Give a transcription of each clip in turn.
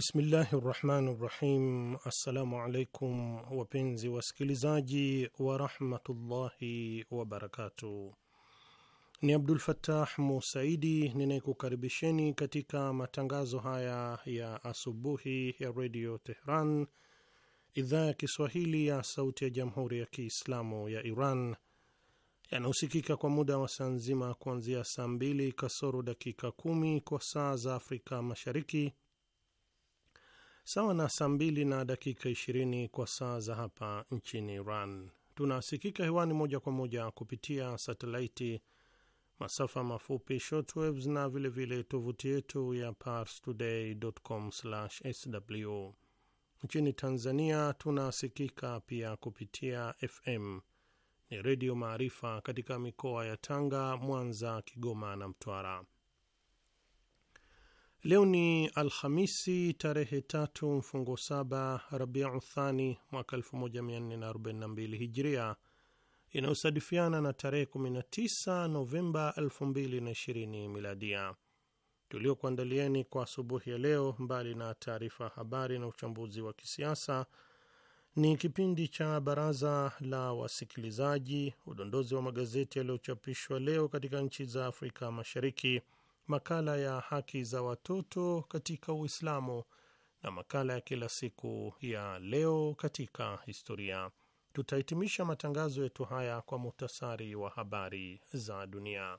Bismillahi rrahmani rrahim. Assalamu alaikum wapenzi wasikilizaji warahmatullahi wabarakatuh. Ni Abdul Fattah Musaidi ninayekukaribisheni katika matangazo haya ya asubuhi ya redio Tehran, idhaa ya Kiswahili ya sauti ya jamhuri ya Kiislamu ya Iran yanayosikika kwa muda wa saa nzima kuanzia saa mbili kasoro dakika kumi kwa saa za Afrika Mashariki sawa na saa mbili na dakika 20 kwa saa za hapa nchini Iran. Tunasikika hewani moja kwa moja kupitia satelaiti, masafa mafupi shortwaves na vilevile tovuti yetu ya parstoday.com/sw. Nchini Tanzania tunasikika pia kupitia FM ni Redio Maarifa katika mikoa ya Tanga, Mwanza, Kigoma na Mtwara. Leo ni Alhamisi tarehe tatu mfungo saba Rabiu Thani mwaka 1442 Hijria, inayosadifiana na tarehe 19 Novemba 2020 Miladia. Tuliokuandalieni kwa asubuhi ya leo, mbali na taarifa habari na uchambuzi wa kisiasa, ni kipindi cha baraza la wasikilizaji, udondozi wa magazeti yaliyochapishwa leo katika nchi za Afrika Mashariki, makala ya haki za watoto katika Uislamu na makala ya kila siku ya leo katika historia. Tutahitimisha matangazo yetu haya kwa muhtasari wa habari za dunia.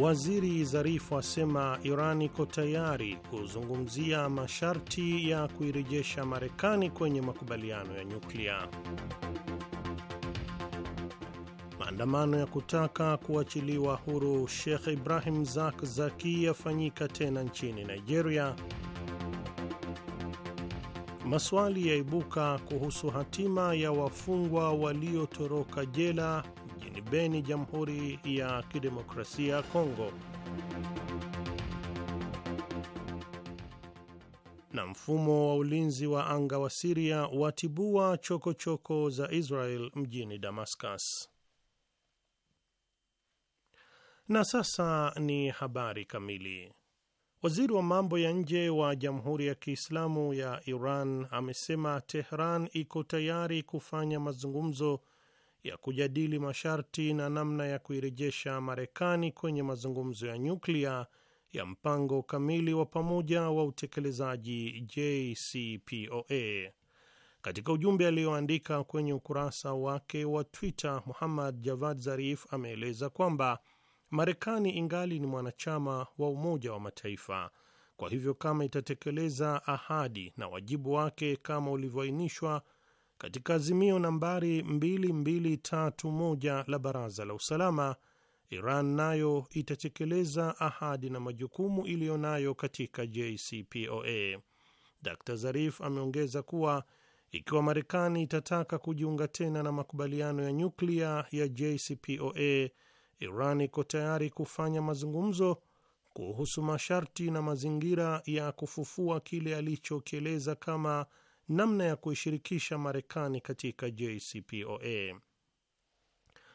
Waziri Zarifu asema Iran iko tayari kuzungumzia masharti ya kuirejesha Marekani kwenye makubaliano ya nyuklia. Maandamano ya kutaka kuachiliwa huru Sheikh Ibrahim Zak Zaki yafanyika tena nchini Nigeria. Maswali yaibuka kuhusu hatima ya wafungwa waliotoroka jela mjini Beni, Jamhuri ya Kidemokrasia ya Kongo. Na mfumo wa ulinzi wa anga wa Siria watibua chokochoko choko za Israel mjini Damascus. Na sasa ni habari kamili. Waziri wa mambo ya nje wa Jamhuri ya Kiislamu ya Iran amesema Tehran iko tayari kufanya mazungumzo ya kujadili masharti na namna ya kuirejesha Marekani kwenye mazungumzo ya nyuklia ya mpango kamili wa pamoja wa utekelezaji JCPOA. Katika ujumbe aliyoandika kwenye ukurasa wake wa Twitter, Muhammad Javad Zarif ameeleza kwamba Marekani ingali ni mwanachama wa Umoja wa Mataifa. Kwa hivyo, kama itatekeleza ahadi na wajibu wake kama ulivyoainishwa katika azimio nambari 2231 la Baraza la Usalama, Iran nayo itatekeleza ahadi na majukumu iliyo nayo katika JCPOA. Dr Zarif ameongeza kuwa ikiwa Marekani itataka kujiunga tena na makubaliano ya nyuklia ya JCPOA, Iran iko tayari kufanya mazungumzo kuhusu masharti na mazingira ya kufufua kile alichokieleza kama namna ya kuishirikisha Marekani katika JCPOA.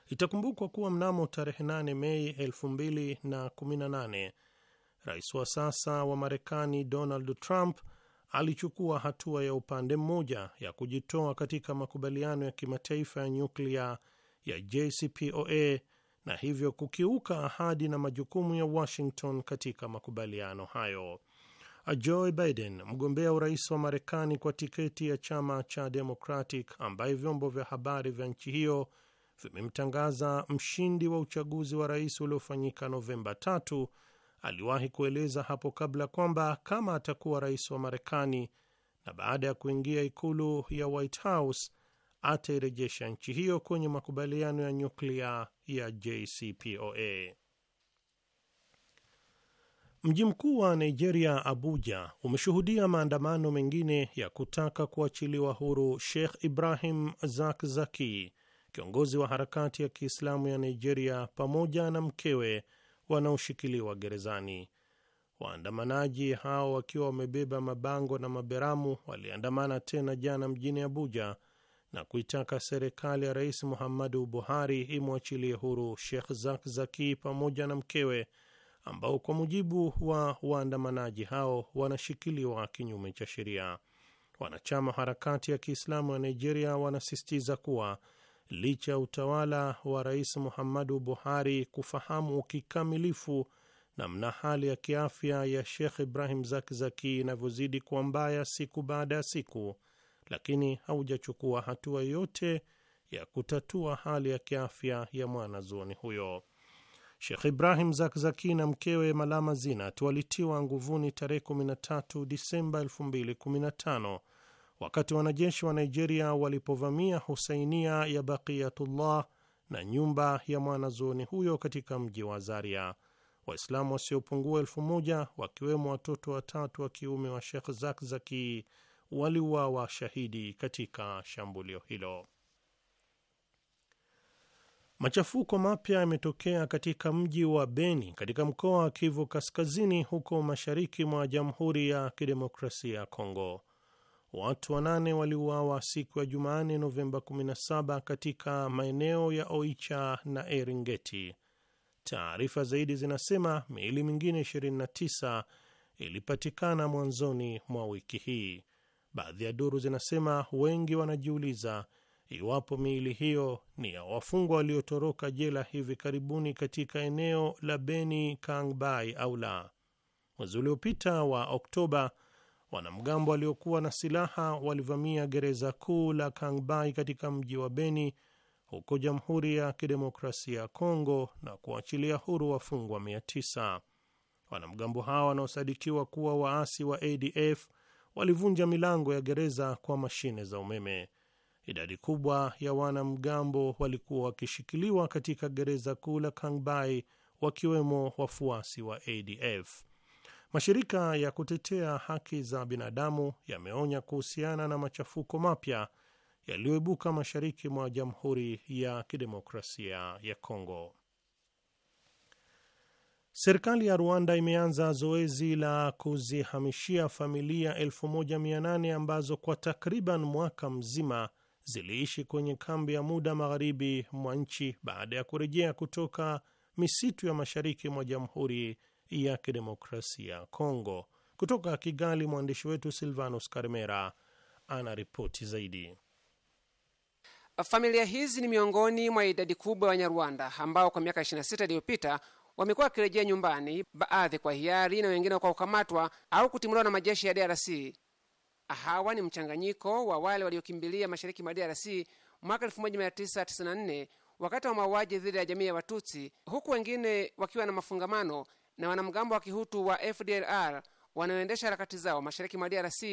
Itakumbukwa kuwa mnamo tarehe 8 Mei 2018 rais wa sasa wa Marekani Donald Trump alichukua hatua ya upande mmoja ya kujitoa katika makubaliano ya kimataifa ya nyuklia ya JCPOA na hivyo kukiuka ahadi na majukumu ya Washington katika makubaliano hayo. Joe Biden, mgombea urais wa Marekani kwa tiketi ya chama cha Democratic, ambaye vyombo vya habari vya nchi hiyo vimemtangaza mshindi wa uchaguzi wa rais uliofanyika Novemba tatu, aliwahi kueleza hapo kabla kwamba kama atakuwa rais wa Marekani na baada ya kuingia ikulu ya White House atairejesha nchi hiyo kwenye makubaliano ya nyuklia ya JCPOA. Mji mkuu wa Nigeria, Abuja, umeshuhudia maandamano mengine ya kutaka kuachiliwa huru Sheikh Ibrahim Zakzaki, kiongozi wa harakati ya Kiislamu ya Nigeria, pamoja na mkewe wanaoshikiliwa gerezani. Waandamanaji hao wakiwa wamebeba mabango na maberamu waliandamana tena jana mjini Abuja na kuitaka serikali ya Rais Muhammadu Buhari imwachilie huru Sheikh Zakzaki pamoja na mkewe ambao kwa mujibu wa waandamanaji hao wanashikiliwa kinyume cha sheria. Wanachama harakati ya Kiislamu ya Nigeria wanasisitiza kuwa licha ya utawala wa Rais Muhammadu Buhari kufahamu kikamilifu namna hali ya kiafya ya Sheikh Ibrahim Zakzaki inavyozidi kuwa mbaya siku baada ya siku, lakini haujachukua hatua yoyote ya kutatua hali ya kiafya ya mwanazuoni huyo. Shekh Ibrahim Zakzaki na mkewe Malama Zinat walitiwa nguvuni tarehe 13 Disemba 2015 wakati wanajeshi wa Nigeria walipovamia husainia ya Baqiyatullah na nyumba ya mwanazuoni huyo katika mji wa Zaria. Waislamu wasiopungua elfu moja wakiwemo watoto watatu wa kiume wa Shekh Zakzaki waliuawa shahidi katika shambulio hilo. Machafuko mapya yametokea katika mji wa Beni katika mkoa wa Kivu Kaskazini, huko mashariki mwa Jamhuri ya Kidemokrasia ya Kongo. Watu wanane waliuawa siku ya Jumanne, Novemba 17 katika maeneo ya Oicha na Eringeti. Taarifa zaidi zinasema miili mingine 29 ilipatikana mwanzoni mwa wiki hii. Baadhi ya duru zinasema wengi wanajiuliza iwapo miili hiyo ni ya wafungwa waliotoroka jela hivi karibuni katika eneo la Beni Kangbai au la. Mwezi uliopita wa Oktoba, wanamgambo waliokuwa na silaha walivamia gereza kuu la Kangbai katika mji wa Beni huko Jamhuri ya Kidemokrasia ya Kongo na kuachilia huru wafungwa 900. Wanamgambo hawa wanaosadikiwa kuwa waasi wa ADF walivunja milango ya gereza kwa mashine za umeme. Idadi kubwa ya wanamgambo walikuwa wakishikiliwa katika gereza kuu la Kangbai, wakiwemo wafuasi wa ADF. Mashirika ya kutetea haki za binadamu yameonya kuhusiana na machafuko mapya yaliyoibuka mashariki mwa Jamhuri ya Kidemokrasia ya Kongo. Serikali ya Rwanda imeanza zoezi la kuzihamishia familia 1800 ambazo kwa takriban mwaka mzima ziliishi kwenye kambi ya muda magharibi mwa nchi baada ya kurejea kutoka misitu ya mashariki mwa Jamhuri ya Kidemokrasia ya Kongo. Kutoka Kigali, mwandishi wetu Silvanus Karmera ana ripoti zaidi. Familia hizi ni miongoni mwa idadi kubwa ya Wanyarwanda ambao kwa miaka 26 iliyopita wamekuwa wakirejea nyumbani, baadhi kwa hiari na wengine kwa kukamatwa au kutimuliwa na majeshi ya DRC. Hawa ni mchanganyiko wa wale waliokimbilia mashariki mwa DRC mwaka 1994 wakati wa mauaji dhidi ya jamii ya Watutsi, huku wengine wakiwa na mafungamano na wanamgambo wa kihutu wa FDLR wanaoendesha harakati zao mashariki mwa DRC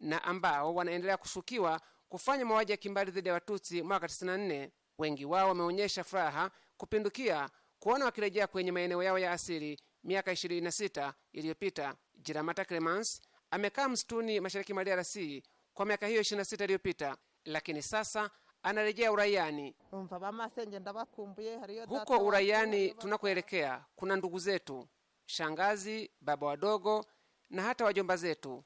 na ambao wanaendelea kushukiwa kufanya mauaji ya kimbali dhidi ya Watutsi mwaka 94. Wengi wao wameonyesha furaha kupindukia kuona wakirejea kwenye maeneo yao ya asili miaka 26 iliyopita. Jiramata Clemence amekaa msituni mashariki mwa DRC kwa miaka hiyo 26 iliyopita, lakini sasa anarejea uraiani. Huko uraiani tunakoelekea kuna ndugu zetu, shangazi, baba wadogo na hata wajomba zetu,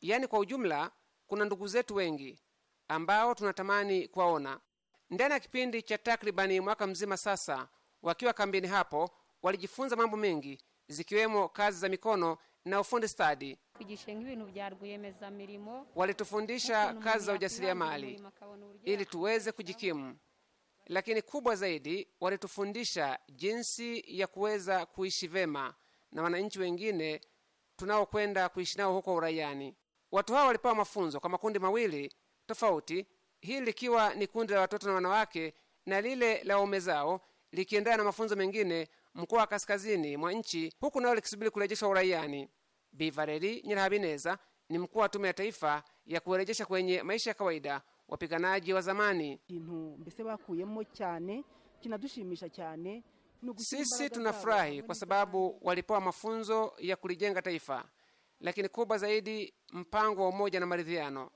yaani kwa ujumla kuna ndugu zetu wengi ambao tunatamani kuwaona. Ndani ya kipindi cha takribani mwaka mzima sasa, wakiwa kambini hapo, walijifunza mambo mengi, zikiwemo kazi za mikono na ufundi stadi. Walitufundisha kazi za ujasiriamali ili tuweze kujikimu, lakini kubwa zaidi walitufundisha jinsi ya kuweza kuishi vema na wananchi wengine tunaokwenda kuishi nao huko uraiani. Watu hao walipewa mafunzo kwa makundi mawili tofauti, hili likiwa ni kundi la watoto na wanawake na lile la waume zao likiendana na mafunzo mengine mkoa wa kaskazini mwa nchi, huku nalo likisubiri kurejeshwa uraiani. Bi Valeri Nyirahabineza ni mkuu wa tume ya taifa ya kuwarejesha kwenye maisha ya kawaida wapiganaji wa zamani. Sisi tunafurahi kwa sababu walipewa mafunzo ya kulijenga taifa, lakini kubwa zaidi, mpango wa umoja na maridhiano,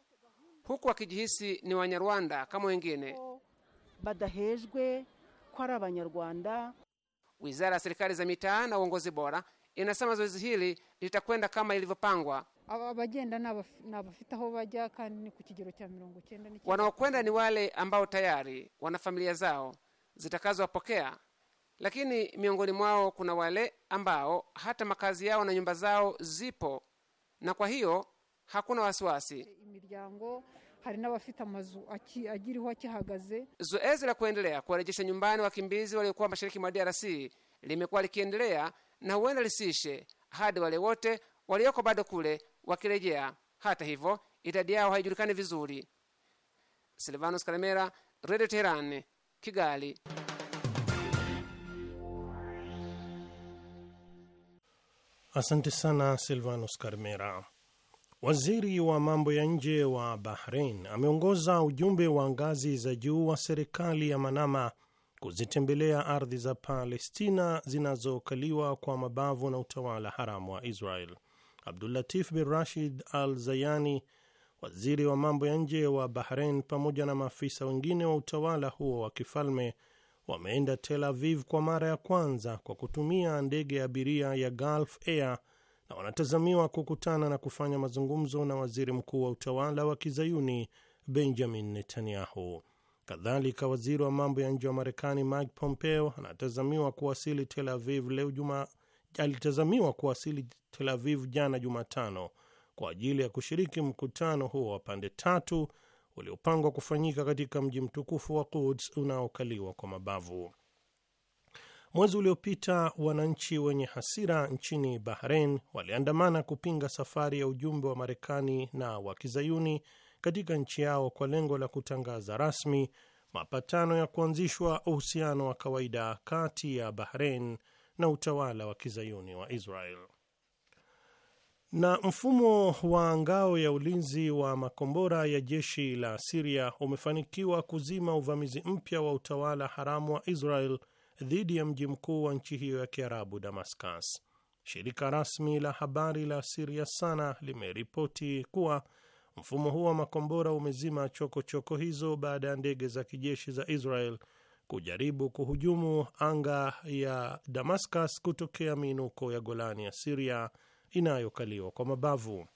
huku wakijihisi ni Wanyarwanda kama wengine badahejwe ari abanyarwanda Wizara ya serikali za mitaa na uongozi bora inasema zoezi hili litakwenda kama ilivyopangwa. Wanaokwenda ni wale ambao tayari wana familia zao zitakazowapokea, lakini miongoni mwao kuna wale ambao hata makazi yao na nyumba zao zipo, na kwa hiyo hakuna wasiwasi hari n'abafite amazu agiriho akihagaze. Zoezi la kuendelea kuwarejesha nyumbani wakimbizi waliokuwa mashariki mwa DRC limekuwa likiendelea na huenda lisiishe hadi wale wote walioko bado kule wakirejea. Hata hivyo, idadi yao haijulikani vizuri. silvanos Karemera, Radio Teherani, Kigali. Asante sana Silvanus karmera Waziri wa mambo ya nje wa bahrein ameongoza ujumbe wa ngazi za juu wa serikali ya Manama kuzitembelea ardhi za Palestina zinazokaliwa kwa mabavu na utawala haramu wa Israel. Abdulatif bin Rashid Al Zayani, waziri wa mambo ya nje wa Bahrain, pamoja na maafisa wengine wa utawala huo wa kifalme wameenda Tel Aviv kwa mara ya kwanza kwa kutumia ndege ya abiria ya Gulf Air na wanatazamiwa kukutana na kufanya mazungumzo na waziri mkuu wa utawala wa kizayuni Benjamin Netanyahu. Kadhalika, waziri wa mambo ya nje wa Marekani Mike Pompeo anatazamiwa kuwasili Tel Aviv leo juma, alitazamiwa kuwasili Tel Aviv jana Jumatano kwa ajili ya kushiriki mkutano huo wa pande tatu uliopangwa kufanyika katika mji mtukufu wa Quds unaokaliwa kwa mabavu. Mwezi uliopita wananchi wenye hasira nchini Bahrain waliandamana kupinga safari ya ujumbe wa Marekani na wa kizayuni katika nchi yao kwa lengo la kutangaza rasmi mapatano ya kuanzishwa uhusiano wa kawaida kati ya Bahrain na utawala wa kizayuni wa Israel. Na mfumo wa ngao ya ulinzi wa makombora ya jeshi la Siria umefanikiwa kuzima uvamizi mpya wa utawala haramu wa Israel dhidi ya mji mkuu wa nchi hiyo ya Kiarabu, Damascus. Shirika rasmi la habari la Siria Sana limeripoti kuwa mfumo huo wa makombora umezima chokochoko choko hizo baada ya ndege za kijeshi za Israel kujaribu kuhujumu anga ya Damascus kutokea miinuko ya Golani ya Siria inayokaliwa kwa mabavu.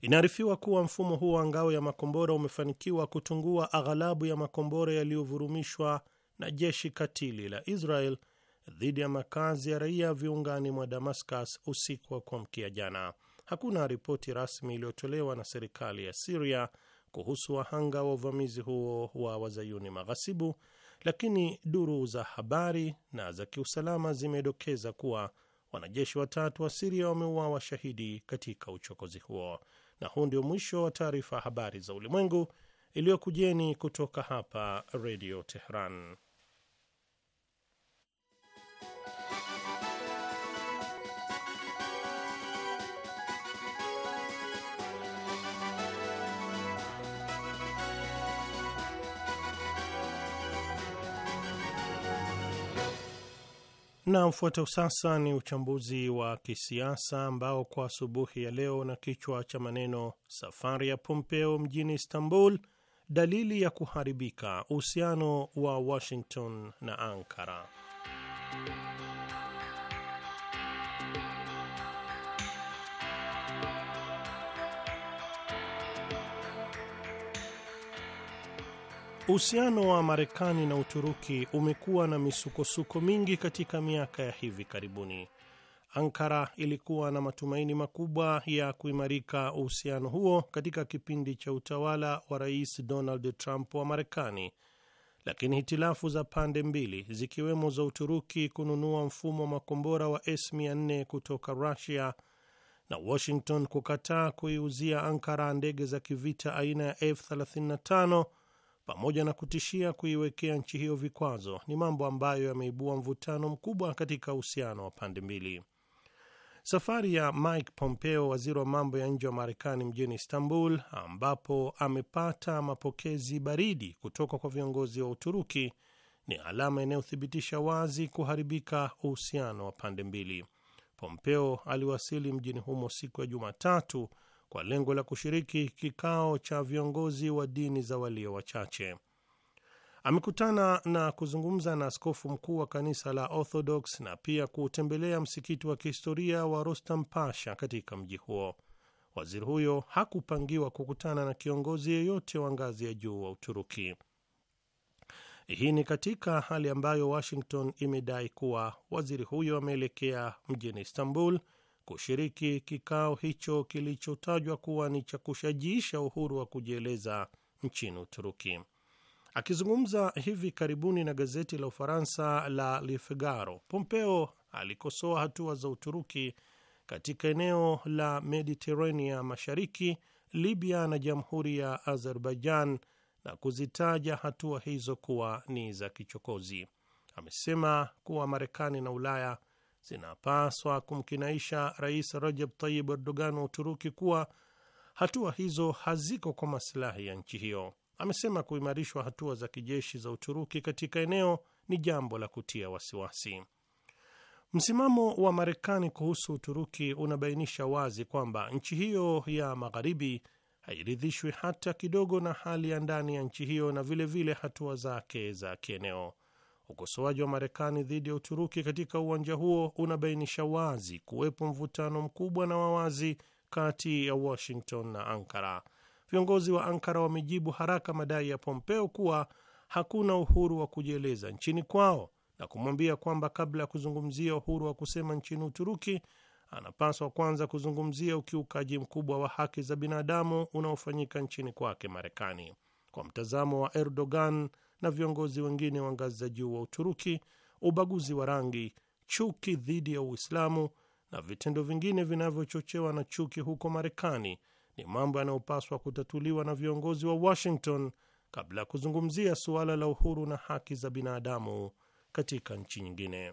Inaarifiwa kuwa mfumo huo wa ngao ya makombora umefanikiwa kutungua aghalabu ya makombora yaliyovurumishwa na jeshi katili la Israel dhidi ya makazi ya raia viungani mwa Damascus usiku wa kuamkia jana. Hakuna ripoti rasmi iliyotolewa na serikali ya Siria kuhusu wahanga wa uvamizi huo wa wazayuni maghasibu, lakini duru za habari na za kiusalama zimedokeza kuwa wanajeshi watatu wa Siria wameuawa shahidi katika uchokozi huo. Na huu ndio mwisho wa taarifa ya habari za ulimwengu iliyokujeni kutoka hapa Redio Tehran. Na mfuatao sasa ni uchambuzi wa kisiasa ambao kwa asubuhi ya leo na kichwa cha maneno safari ya Pompeo mjini Istanbul, dalili ya kuharibika uhusiano wa Washington na Ankara. Uhusiano wa Marekani na Uturuki umekuwa na misukosuko mingi katika miaka ya hivi karibuni. Ankara ilikuwa na matumaini makubwa ya kuimarika uhusiano huo katika kipindi cha utawala wa Rais Donald Trump wa Marekani, lakini hitilafu za pande mbili zikiwemo za Uturuki kununua mfumo wa makombora wa S-400 kutoka rusia na Washington kukataa kuiuzia Ankara ndege za kivita aina ya F35 pamoja na kutishia kuiwekea nchi hiyo vikwazo ni mambo ambayo yameibua mvutano mkubwa katika uhusiano wa pande mbili. Safari ya Mike Pompeo, waziri wa mambo ya nje wa Marekani, mjini Istanbul, ambapo amepata mapokezi baridi kutoka kwa viongozi wa Uturuki, ni alama inayothibitisha wazi kuharibika uhusiano wa pande mbili. Pompeo aliwasili mjini humo siku ya Jumatatu kwa lengo la kushiriki kikao cha viongozi wa dini za walio wachache. Amekutana na kuzungumza na askofu mkuu wa kanisa la Orthodox na pia kuutembelea msikiti wa kihistoria wa Rostam Pasha katika mji huo. Waziri huyo hakupangiwa kukutana na kiongozi yeyote wa ngazi ya juu wa Uturuki. Hii ni katika hali ambayo Washington imedai kuwa waziri huyo ameelekea mjini Istanbul kushiriki kikao hicho kilichotajwa kuwa ni cha kushajiisha uhuru wa kujieleza nchini Uturuki. Akizungumza hivi karibuni na gazeti la Ufaransa la Le Figaro, Pompeo alikosoa hatua za Uturuki katika eneo la Mediterania Mashariki, Libya na Jamhuri ya Azerbaijan na kuzitaja hatua hizo kuwa ni za kichokozi. Amesema kuwa Marekani na Ulaya zinapaswa kumkinaisha Rais Rajab Tayyip Erdogan wa Uturuki kuwa hatua hizo haziko kwa masilahi ya nchi hiyo. Amesema kuimarishwa hatua za kijeshi za Uturuki katika eneo ni jambo la kutia wasiwasi. Msimamo wa Marekani kuhusu Uturuki unabainisha wazi kwamba nchi hiyo ya magharibi hairidhishwi hata kidogo na hali ya ndani ya nchi hiyo na vilevile hatua zake za kieneo. Ukosoaji wa Marekani dhidi ya Uturuki katika uwanja huo unabainisha wazi kuwepo mvutano mkubwa na wawazi kati ya Washington na Ankara. Viongozi wa Ankara wamejibu haraka madai ya Pompeo kuwa hakuna uhuru wa kujieleza nchini kwao na kumwambia kwamba kabla ya kuzungumzia uhuru wa kusema nchini Uturuki anapaswa kwanza kuzungumzia ukiukaji mkubwa wa haki za binadamu unaofanyika nchini kwake Marekani. Kwa mtazamo wa Erdogan, na viongozi wengine wa ngazi za juu wa Uturuki, ubaguzi wa rangi, chuki dhidi ya Uislamu na vitendo vingine vinavyochochewa na chuki huko Marekani ni mambo yanayopaswa kutatuliwa na viongozi wa Washington kabla ya kuzungumzia suala la uhuru na haki za binadamu katika nchi nyingine.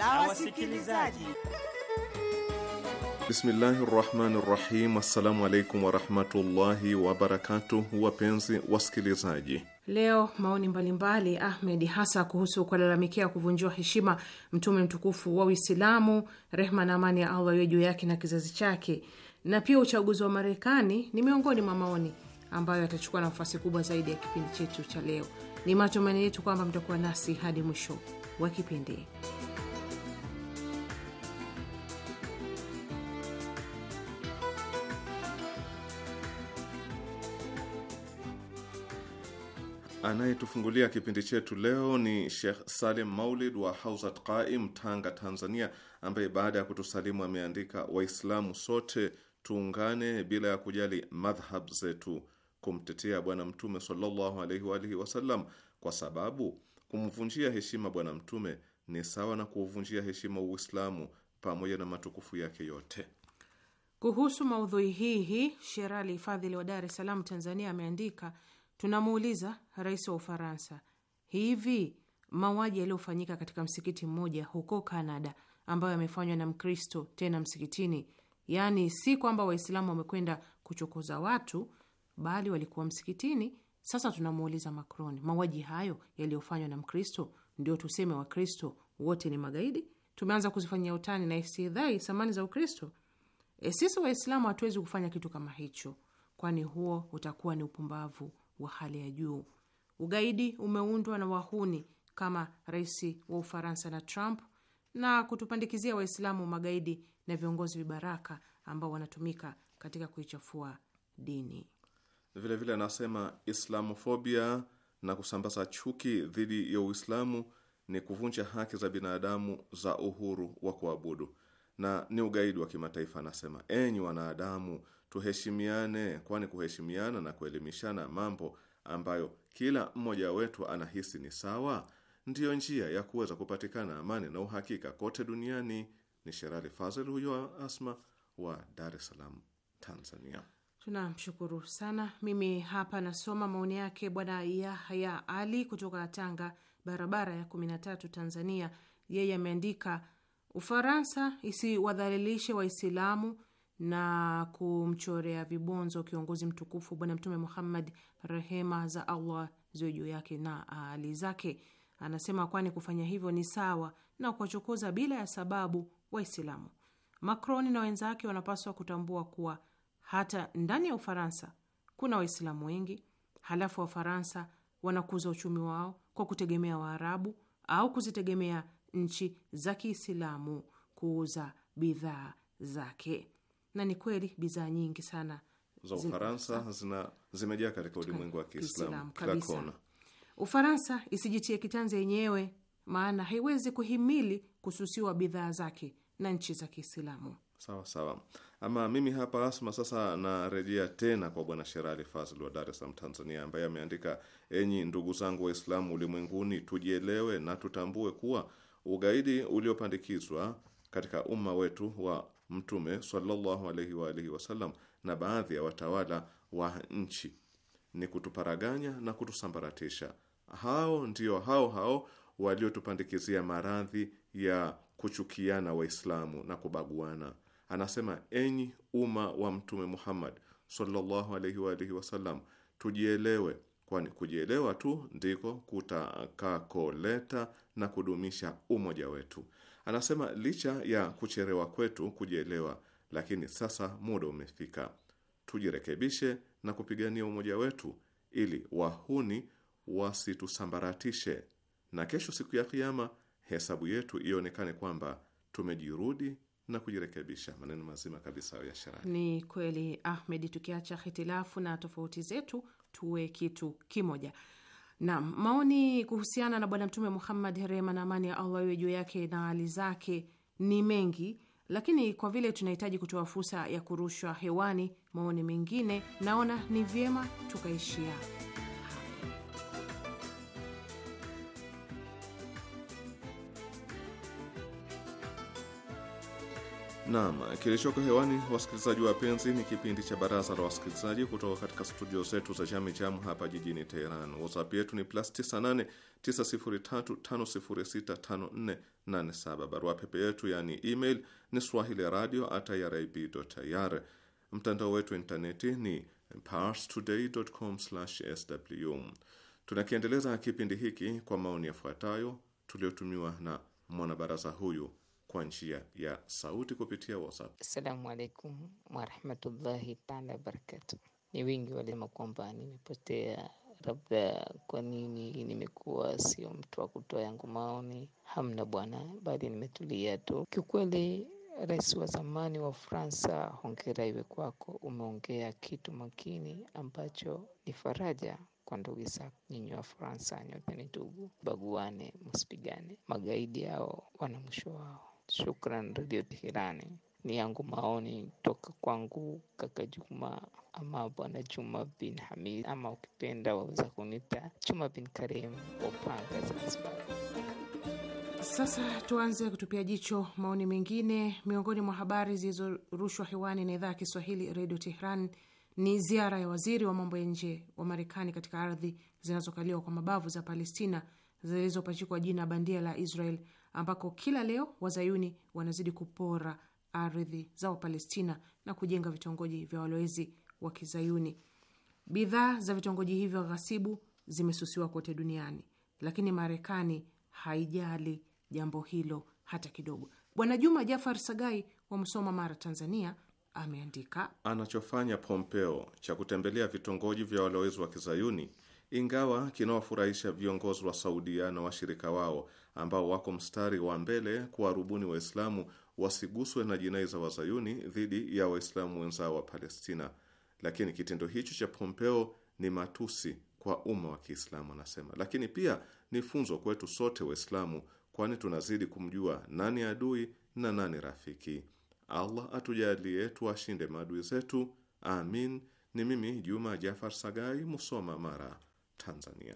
la wasikilizaji. Bismillahi rahmani rahim. Assalamu alaikum warahmatullahi wabarakatuh. Wapenzi wasikilizaji, leo maoni mbalimbali Ahmed, hasa kuhusu kualalamikia kuvunjiwa heshima mtume mtukufu wa Uislamu, rehma na amani ya Allah iwe juu yake na kizazi chake, na pia uchaguzi wa Marekani ni miongoni mwa maoni ambayo yatachukua nafasi kubwa zaidi ya kipindi chetu cha leo. Ni matumaini yetu kwamba mtakuwa nasi hadi mwisho wa kipindi. Anayetufungulia kipindi chetu leo ni shekh Salim Maulid wa Hausat Qaim, Tanga, Tanzania, ambaye baada ya kutusalimu ameandika: Waislamu sote tuungane bila ya kujali madhhab zetu kumtetea Bwana Mtume sallallahu alaihi wa alihi wasallam, kwa sababu kumvunjia heshima Bwana Mtume ni sawa na kuuvunjia heshima Uislamu pamoja na matukufu yake yote. Kuhusu maudhui hii hii, Sherali Fadhili wa Dar es Salaam, Tanzania, ameandika Tunamuuliza rais wa Ufaransa, hivi mauaji yaliyofanyika katika msikiti mmoja huko Canada ambayo yamefanywa na Mkristo tena msikitini, yaani si kwamba Waislamu wamekwenda kuchokoza watu bali walikuwa msikitini. Sasa tunamuuliza Macron, mauaji hayo yaliyofanywa na Mkristo ndio tuseme Wakristo wote ni magaidi? Tumeanza kuzifanyia utani na istidhai samani za Ukristo. E, sisi Waislamu hatuwezi kufanya kitu kama hicho, kwani huo utakuwa ni upumbavu wa hali ya juu. Ugaidi umeundwa na wahuni kama rais wa Ufaransa na Trump na kutupandikizia Waislamu magaidi na viongozi vibaraka ambao wanatumika katika kuichafua dini. Vilevile vile anasema Islamofobia na kusambaza chuki dhidi ya Uislamu ni kuvunja haki za binadamu za uhuru wa kuabudu na ni ugaidi wa kimataifa. Anasema, enyi wanadamu, tuheshimiane, kwani kuheshimiana na kuelimishana mambo ambayo kila mmoja wetu anahisi ni sawa ndiyo njia ya kuweza kupatikana amani na uhakika kote duniani. Ni Sherali Fazel huyo Asma wa Dar es Salaam, Tanzania. Tunamshukuru sana. Mimi hapa nasoma maoni yake Bwana Yahya Ali kutoka Tanga, barabara ya kumi na tatu, Tanzania. Yeye ameandika Ufaransa isiwadhalilishe Waislamu na kumchorea vibonzo kiongozi mtukufu Bwana Mtume Muhammad, rehema za Allah ziwe juu yake na aali zake. Anasema kwani kufanya hivyo ni sawa na kuwachokoza bila ya sababu Waislamu. Macron na wenzake wanapaswa kutambua kuwa hata ndani ya Ufaransa kuna Waislamu wengi, halafu Wafaransa wanakuza uchumi wao kwa kutegemea Waarabu au kuzitegemea nchi za Kiislamu kuuza bidhaa zake, na ni kweli bidhaa nyingi sana za Ufaransa zimejaa katika ulimwengu wa Kiislamu kila kona. Ufaransa isijitie kitanzi yenyewe, maana haiwezi kuhimili kususiwa bidhaa zake na nchi za Kiislamu. Sawa sawa. Ama mimi hapa Asma, sasa narejea tena kwa Bwana Sherali Fazl wa Dar es Salaam, Tanzania, ambaye ameandika: enyi ndugu zangu Waislamu ulimwenguni, tujielewe na tutambue kuwa ugaidi uliopandikizwa katika umma wetu wa Mtume sallallahu alaihi wa alihi wasallam na baadhi ya watawala wa nchi ni kutuparaganya na kutusambaratisha. Hao ndio hao hao waliotupandikizia maradhi ya kuchukiana Waislamu na kubaguana. Anasema, enyi umma wa Mtume Muhammad sallallahu alaihi wa alihi wasallam, tujielewe, kwani kujielewa tu ndiko kutakakoleta na kudumisha umoja wetu. Anasema licha ya kucherewa kwetu kujielewa, lakini sasa muda umefika tujirekebishe na kupigania umoja wetu ili wahuni wasitusambaratishe, na kesho siku ya kiama hesabu yetu ionekane kwamba tumejirudi na kujirekebisha. Maneno mazima kabisa ya sharani. Ni kweli Ahmed, tukiacha hitilafu na tofauti zetu tuwe kitu kimoja. Naam, maoni kuhusiana na Bwana Mtume Muhammad, rehma na amani ya Allah iwe juu yake na hali zake, ni mengi, lakini kwa vile tunahitaji kutoa fursa ya kurushwa hewani maoni mengine, naona ni vyema tukaishia Naam, kilichoko hewani wasikilizaji wapenzi, ni kipindi cha baraza la wasikilizaji kutoka katika studio zetu za Jami Jamu hapa jijini Teheran. WhatsApp yetu ni plus 989035065487. Barua pepe yetu yaani email ni swahili radio at ir. Mtandao wetu wa intaneti ni parstoday.com/sw. Tunakiendeleza kipindi hiki kwa maoni yafuatayo tuliyotumiwa na mwanabaraza huyu kwa njia ya sauti kupitia WhatsApp. Assalamu alaikum warahmatullahi taala wabarakatu. Ni wengi walisema kwamba nimepotea, labda kwa nini nimekuwa sio mtu wa kutoa yangu maoni. Hamna bwana, bali nimetulia tu kiukweli. Rais wa zamani wa Fransa, hongera iwe kwako, umeongea kitu makini ambacho ni faraja kwa ndugu zako nyinyi wa Fransa. Nyote ni ndugu, baguane, msipigane. Magaidi hao wana mwisho wao. Shukran Radio Teherani. Ni yangu maoni toka kwangu kaka Juma ama bwana Juma bin Hamid, ama ukipenda waweza kunita Juma bin Karim wa Panga, Zanzibar. Sasa tuanze kutupia jicho maoni mengine. Miongoni mwa habari zilizorushwa hewani na idhaa ya Kiswahili Redio Tehran ni ziara ya waziri wa mambo ya nje wa Marekani katika ardhi zinazokaliwa kwa mabavu za Palestina zilizopachikwa jina bandia la Israel ambako kila leo wazayuni wanazidi kupora ardhi za Wapalestina na kujenga vitongoji vya walowezi wa Kizayuni. Bidhaa za vitongoji hivyo ghasibu zimesusiwa kote duniani, lakini Marekani haijali jambo hilo hata kidogo. Bwana Juma Jafar Sagai wa Msoma, Mara, Tanzania ameandika, anachofanya Pompeo cha kutembelea vitongoji vya walowezi wa Kizayuni ingawa kinawafurahisha viongozi wa Saudia na washirika wao ambao wako mstari wa mbele kuwarubuni Waislamu wasiguswe na jinai za wazayuni dhidi ya Waislamu wenzao wa Palestina, lakini kitendo hicho cha Pompeo ni matusi kwa umma wa Kiislamu, anasema, lakini pia ni funzo kwetu sote Waislamu, kwani tunazidi kumjua nani adui na nani rafiki. Allah atujalie tuwashinde maadui zetu, amin. Ni mimi Juma Jafar Sagai, Musoma, Mara. Tanzania.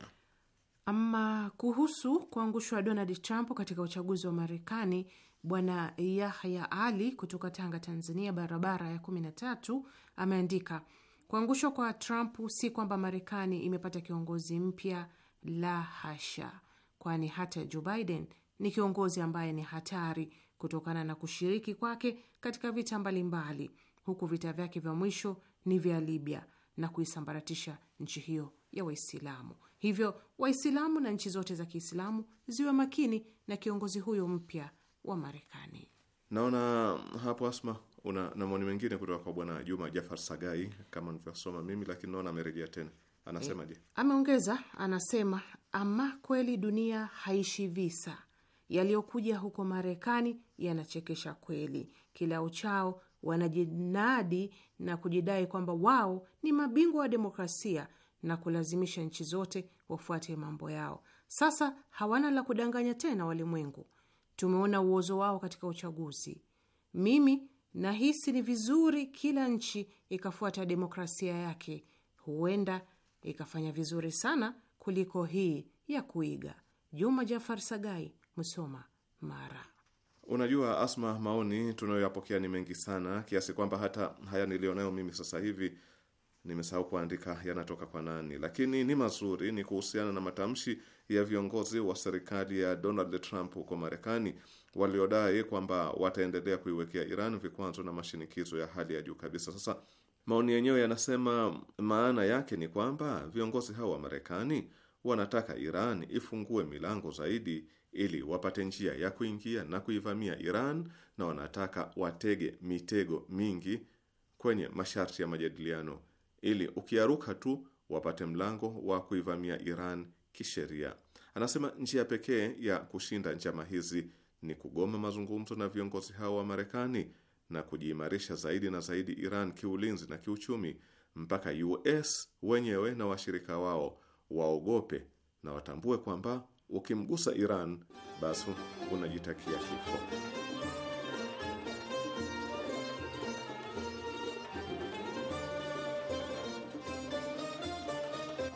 Ama kuhusu kuangushwa Donald Trump katika uchaguzi wa Marekani, Bwana Yahya Ali kutoka Tanga, Tanzania, barabara ya tatu, ameandika kuangushwa kwa Trump si kwamba Marekani imepata kiongozi mpya, la hasha, kwani hata Joe Biden ni kiongozi ambaye ni hatari kutokana na kushiriki kwake katika vita mbalimbali mbali, huku vita vyake vya mwisho ni vya Libya na kuisambaratisha nchi hiyo ya Waislamu. Hivyo Waislamu na nchi zote za Kiislamu ziwe makini na kiongozi huyo mpya wa Marekani. Naona hapo Asma una na maoni mengine kutoka kwa Bwana Juma Jafar Sagai kama nilivyosoma mimi, lakini naona amerejea tena. Anasema je, eh, ameongeza anasema, ama kweli dunia haishi visa. Yaliyokuja huko Marekani yanachekesha kweli. Kila uchao wanajinadi na kujidai kwamba wao ni mabingwa wa demokrasia na kulazimisha nchi zote wafuate mambo yao. Sasa hawana la kudanganya tena walimwengu. Tumeona uozo wao katika uchaguzi. Mimi nahisi ni vizuri kila nchi ikafuata demokrasia yake, huenda ikafanya vizuri sana kuliko hii ya kuiga. Juma Jafar Sagai, Msoma, Mara. Unajua Asma, maoni tunayoyapokea ni mengi sana kiasi kwamba hata haya niliyonayo mimi sasa hivi nimesahau kuandika yanatoka kwa nani, lakini ni mazuri, ni kuhusiana na matamshi ya viongozi wa serikali ya Donald Trump huko Marekani waliodai kwamba wataendelea kuiwekea Iran vikwazo na mashinikizo ya hali ya juu kabisa. Sasa maoni yenyewe yanasema, maana yake ni kwamba viongozi hao wa Marekani wanataka Iran ifungue milango zaidi ili wapate njia ya kuingia na kuivamia Iran, na wanataka watege mitego mingi kwenye masharti ya majadiliano ili ukiaruka tu wapate mlango wa kuivamia Iran kisheria. Anasema njia pekee ya kushinda njama hizi ni kugoma mazungumzo na viongozi hao wa Marekani na kujiimarisha zaidi na zaidi Iran kiulinzi na kiuchumi mpaka US wenyewe na washirika wao waogope na watambue kwamba ukimgusa Iran basi unajitakia kifo.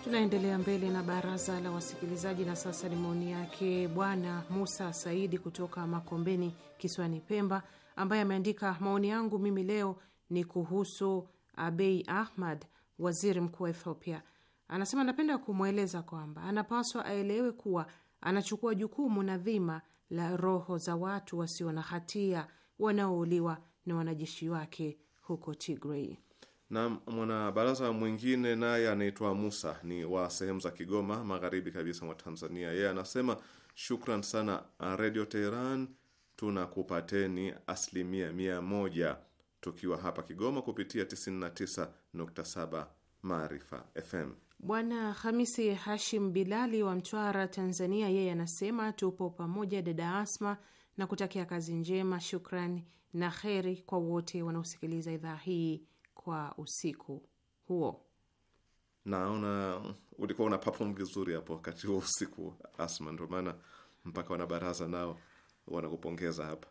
Tunaendelea mbele na baraza la wasikilizaji, na sasa ni maoni yake Bwana Musa Saidi kutoka Makombeni kisiwani Pemba, ambaye ameandika maoni yangu mimi leo ni kuhusu Abei Ahmad, waziri mkuu wa Ethiopia. Anasema napenda kumweleza kwamba anapaswa aelewe kuwa anachukua jukumu na dhima la roho za watu wasio na hatia wanaouliwa na wanajeshi wake huko Tigrei na mwanabaraza mwingine naye anaitwa Musa, ni wa sehemu za Kigoma, magharibi kabisa mwa Tanzania. Yeye anasema shukran sana Radio Teheran, tunakupateni asilimia mia moja tukiwa hapa Kigoma kupitia 99.7 Maarifa FM. Bwana Hamisi Hashim Bilali wa Mtwara, Tanzania, yeye anasema tupo pamoja dada Asma na kutakia kazi njema, shukrani na kheri kwa wote wanaosikiliza idhaa hii kwa usiku huo. Naona ulikuwa una perform vizuri hapo wakati huo usiku, Asma, ndio maana mpaka wanabaraza nao wanakupongeza hapa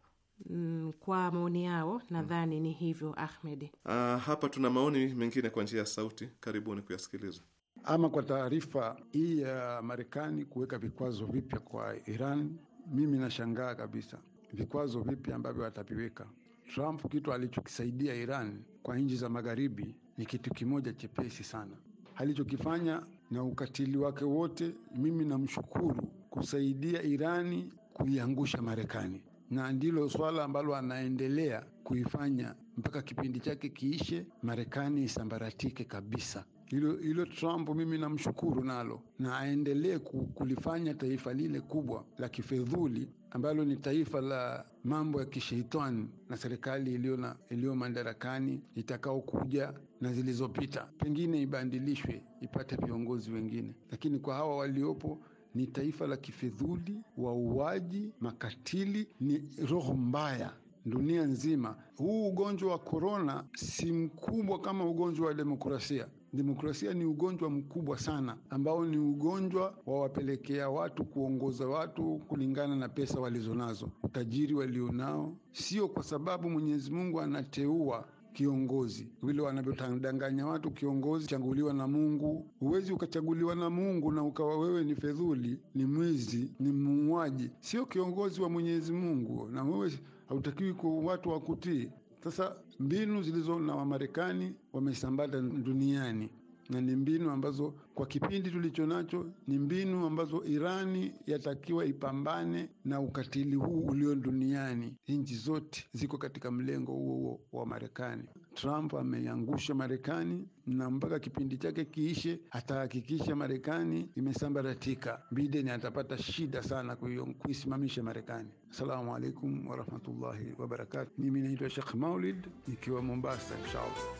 mm, kwa maoni yao. Mm. Nadhani mm, ni hivyo Ahmed. Ah, hapa tuna maoni mengine kwa njia ya sauti, karibuni kuyasikiliza. Ama kwa taarifa hii ya Marekani kuweka vikwazo vipya kwa Iran, mimi nashangaa kabisa vikwazo vipya ambavyo wataviweka Trump kitu alichokisaidia Iran kwa nchi za magharibi ni kitu kimoja chepesi sana. Alichokifanya na ukatili wake wote, mimi namshukuru kusaidia Irani kuiangusha Marekani, na ndilo swala ambalo anaendelea kuifanya mpaka kipindi chake kiishe, Marekani isambaratike kabisa hilo hilo Trump mimi namshukuru nalo, na aendelee kulifanya taifa lile kubwa la kifedhuli ambalo ni taifa la mambo ya kisheitani na serikali iliyo na iliyo madarakani itakaokuja na zilizopita, pengine ibadilishwe ipate viongozi wengine, lakini kwa hawa waliopo ni taifa la kifedhuli wauaji, makatili, ni roho mbaya dunia nzima. Huu ugonjwa wa korona si mkubwa kama ugonjwa wa demokrasia. Demokrasia ni ugonjwa mkubwa sana ambao ni ugonjwa wa wapelekea watu kuongoza watu kulingana na pesa walizonazo, utajiri walionao, sio kwa sababu Mwenyezi Mungu anateua kiongozi vile wanavyotadanganya watu. Kiongozi chaguliwa na Mungu. Huwezi ukachaguliwa na Mungu na ukawa wewe ni fedhuli, ni mwizi, ni muuaji. Sio kiongozi wa Mwenyezi Mungu, na wewe hautakiwi kwa watu wakutii. Sasa mbinu zilizo na Wamarekani wamesambaza duniani na ni mbinu ambazo kwa kipindi tulicho nacho ni mbinu ambazo Irani yatakiwa ipambane na ukatili huu ulio duniani. Nchi zote ziko katika mlengo huo huo wa Marekani. Trump ameiangusha Marekani na mpaka kipindi chake kiishe atahakikisha Marekani imesambaratika. Biden atapata shida sana kuisimamisha Marekani. Assalamu alaikum warahmatullahi wabarakatu. Mimi naitwa Sheikh Maulid nikiwa Mombasa, inshallah.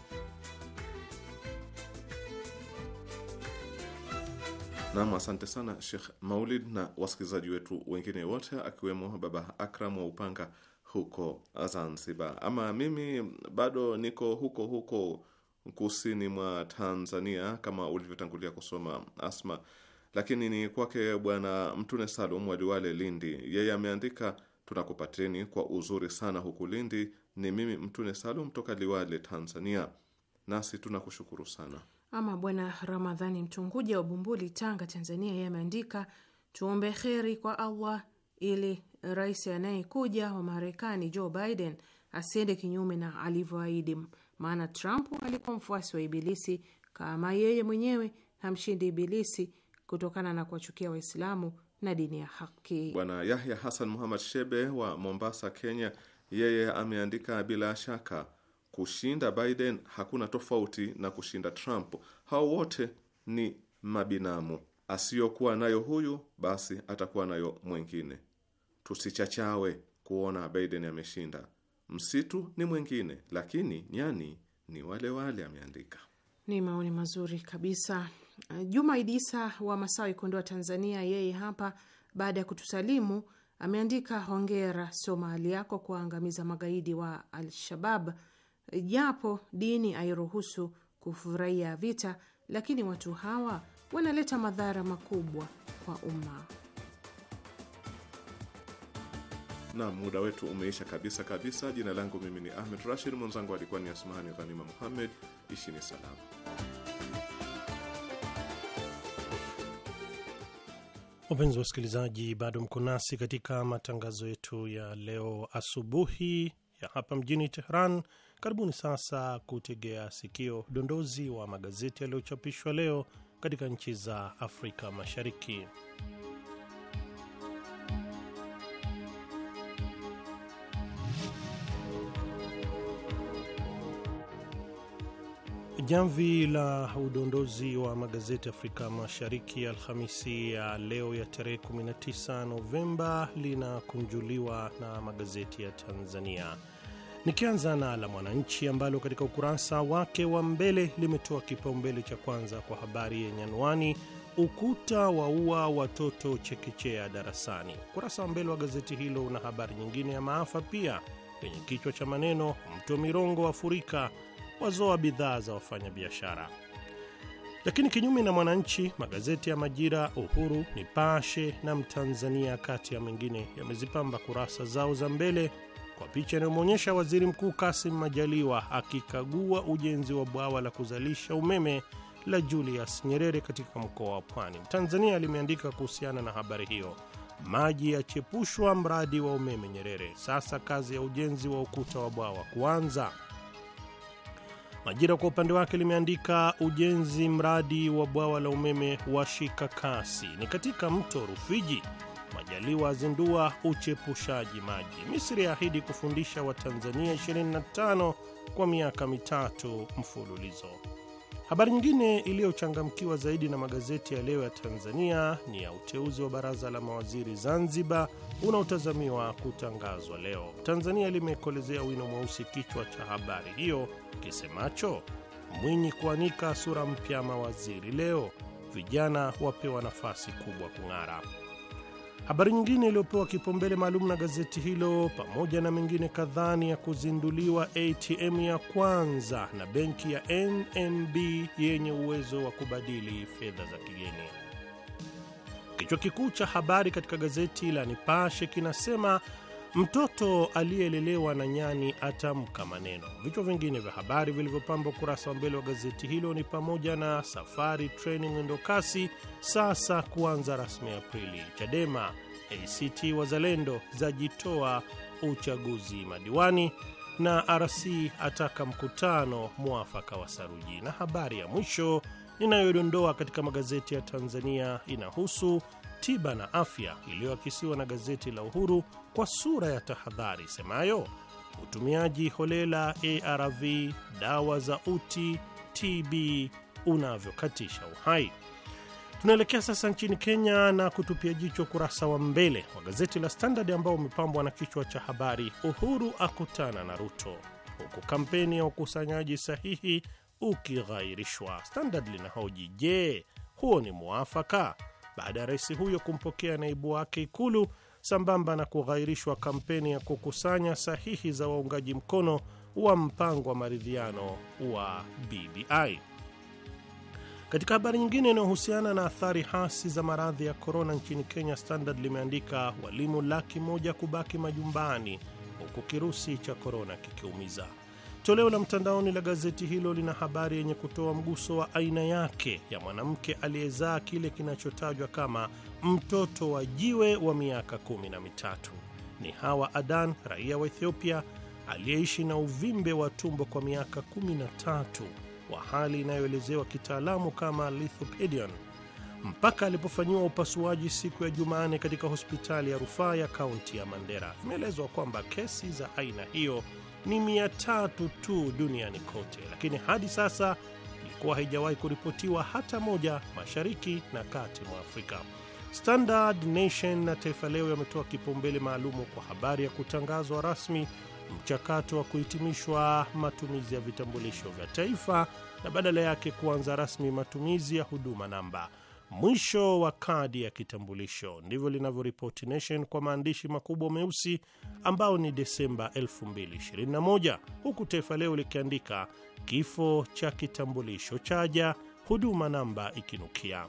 Nam, asante sana Sheikh Maulid na wasikilizaji wetu wengine wote akiwemo Baba Akram wa Upanga huko Zanzibar. Ama mimi bado niko huko huko kusini mwa Tanzania, kama ulivyotangulia kusoma Asma, lakini ni kwake Bwana Mtune Salum Waliwale, Lindi. Yeye ameandika tunakupateni kwa uzuri sana huku Lindi. Ni mimi Mtune Salum toka Liwale, Tanzania, nasi tunakushukuru sana. Ama Bwana Ramadhani Mtunguja wa Bumbuli, Tanga, Tanzania, yeye ameandika tuombe kheri kwa Allah ili rais anayekuja wa Marekani Joe Biden asiende kinyume na alivyoahidi, maana Trump alikuwa mfuasi wa Ibilisi kama yeye mwenyewe hamshindi Ibilisi kutokana na kuwachukia Waislamu na dini ya haki. Bwana Yahya Hassan Muhammad Shebe wa Mombasa, Kenya, yeye ameandika bila shaka, kushinda Biden hakuna tofauti na kushinda Trump. Hao wote ni mabinamu, asiyokuwa nayo huyu basi atakuwa nayo mwingine. Tusichachawe kuona Biden ameshinda. Msitu ni mwingine, lakini nyani ni wale wale, ameandika. Ni maoni mazuri kabisa. Juma Idisa wa Masawi, Kondoa, Tanzania, yeye hapa baada ya kutusalimu ameandika hongera, Somalia kwa yako magaidi wa Al-Shabab. Japo dini hairuhusu kufurahia vita, lakini watu hawa wanaleta madhara makubwa kwa umma. na muda wetu umeisha kabisa kabisa. Jina langu mimi ni Ahmed Rashid, mwenzangu alikuwa ni Asmahani Ghanima Muhammed. Ishini salama. Wapenzi wasikilizaji, bado mko nasi katika matangazo yetu ya leo asubuhi ya hapa mjini Tehran. Karibuni sasa kutegea sikio udondozi wa magazeti yaliyochapishwa leo katika nchi za Afrika Mashariki. jamvi la udondozi wa magazeti Afrika Mashariki Alhamisi ya leo ya tarehe 19 Novemba linakunjuliwa na magazeti ya Tanzania, nikianza na la Mwananchi ambalo katika ukurasa wake wa mbele limetoa kipaumbele cha kwanza kwa habari yenye anwani ukuta wa ua watoto chekechea darasani. Ukurasa wa mbele wa gazeti hilo una habari nyingine ya maafa pia yenye kichwa cha maneno mto Mirongo furika wazoa bidhaa za wafanyabiashara. Lakini kinyume na Mwananchi, magazeti ya Majira, Uhuru, Nipashe na Mtanzania kati ya mengine yamezipamba kurasa zao za mbele kwa picha inayomwonyesha Waziri Mkuu Kasim Majaliwa akikagua ujenzi wa bwawa la kuzalisha umeme la Julius Nyerere katika mkoa wa Pwani. tanzania limeandika kuhusiana na habari hiyo, maji yachepushwa mradi wa umeme Nyerere, sasa kazi ya ujenzi wa ukuta wa bwawa kuanza. Majira kwa upande wake limeandika ujenzi mradi wa bwawa la umeme wa shika kasi ni katika mto Rufiji. Majaliwa azindua uchepushaji maji. Misri ahidi kufundisha Watanzania 25 kwa miaka mitatu mfululizo. Habari nyingine iliyochangamkiwa zaidi na magazeti ya leo ya Tanzania ni ya uteuzi wa baraza la mawaziri Zanzibar unaotazamiwa kutangazwa leo. Tanzania limekolezea wino mweusi kichwa cha habari hiyo kisemacho Mwinyi kuanika sura mpya mawaziri leo, vijana wapewa nafasi kubwa kung'ara. Habari nyingine iliyopewa kipaumbele maalum na gazeti hilo pamoja na mengine kadhaa ni ya kuzinduliwa ATM ya kwanza na benki ya NMB yenye uwezo wa kubadili fedha za kigeni. Kichwa kikuu cha habari katika gazeti la Nipashe kinasema Mtoto aliyelelewa na nyani atamka maneno. Vichwa vingine vya habari vilivyopamba ukurasa wa mbele wa gazeti hilo ni pamoja na safari treni mwendokasi sasa kuanza rasmi Aprili, Chadema ACT Wazalendo zajitoa uchaguzi madiwani, na RC ataka mkutano mwafaka wa saruji. Na habari ya mwisho ninayodondoa katika magazeti ya Tanzania inahusu tiba na afya iliyoakisiwa na gazeti la Uhuru kwa sura ya tahadhari semayo utumiaji holela ARV, dawa za uti, TB unavyokatisha uhai. Tunaelekea sasa nchini Kenya na kutupia jicho kurasa wa mbele wa gazeti la Standard ambao umepambwa na kichwa cha habari Uhuru akutana na Ruto huku kampeni ya ukusanyaji sahihi ukighairishwa. Standard linahoji, je, huo ni mwafaka? baada ya rais huyo kumpokea naibu wake Ikulu, sambamba na kughairishwa kampeni ya kukusanya sahihi za waungaji mkono wa mpango wa maridhiano wa BBI. Katika habari nyingine inayohusiana na athari hasi za maradhi ya korona nchini Kenya, Standard limeandika walimu laki moja kubaki majumbani huku kirusi cha korona kikiumiza Toleo la mtandaoni la gazeti hilo lina habari yenye kutoa mguso wa aina yake ya mwanamke aliyezaa kile kinachotajwa kama mtoto wa jiwe wa miaka kumi na mitatu. Ni Hawa Adan, raia wa Ethiopia aliyeishi na uvimbe wa tumbo kwa miaka 13 wa hali inayoelezewa kitaalamu kama lithopedion mpaka alipofanyiwa upasuaji siku ya jumanne katika hospitali ya rufaa ya kaunti ya Mandera. Imeelezwa kwamba kesi za aina hiyo ni mia tatu tu duniani kote, lakini hadi sasa ilikuwa haijawahi kuripotiwa hata moja mashariki na kati mwa Afrika. Standard, Nation na Taifa Leo yametoa kipaumbele maalumu kwa habari ya kutangazwa rasmi mchakato wa kuhitimishwa matumizi ya vitambulisho vya taifa na badala yake kuanza rasmi matumizi ya huduma namba mwisho wa kadi ya kitambulisho. Ndivyo linavyoripoti Nation kwa maandishi makubwa meusi, ambao ni Desemba 2021, huku Taifa Leo likiandika kifo cha kitambulisho chaja, huduma namba ikinukia.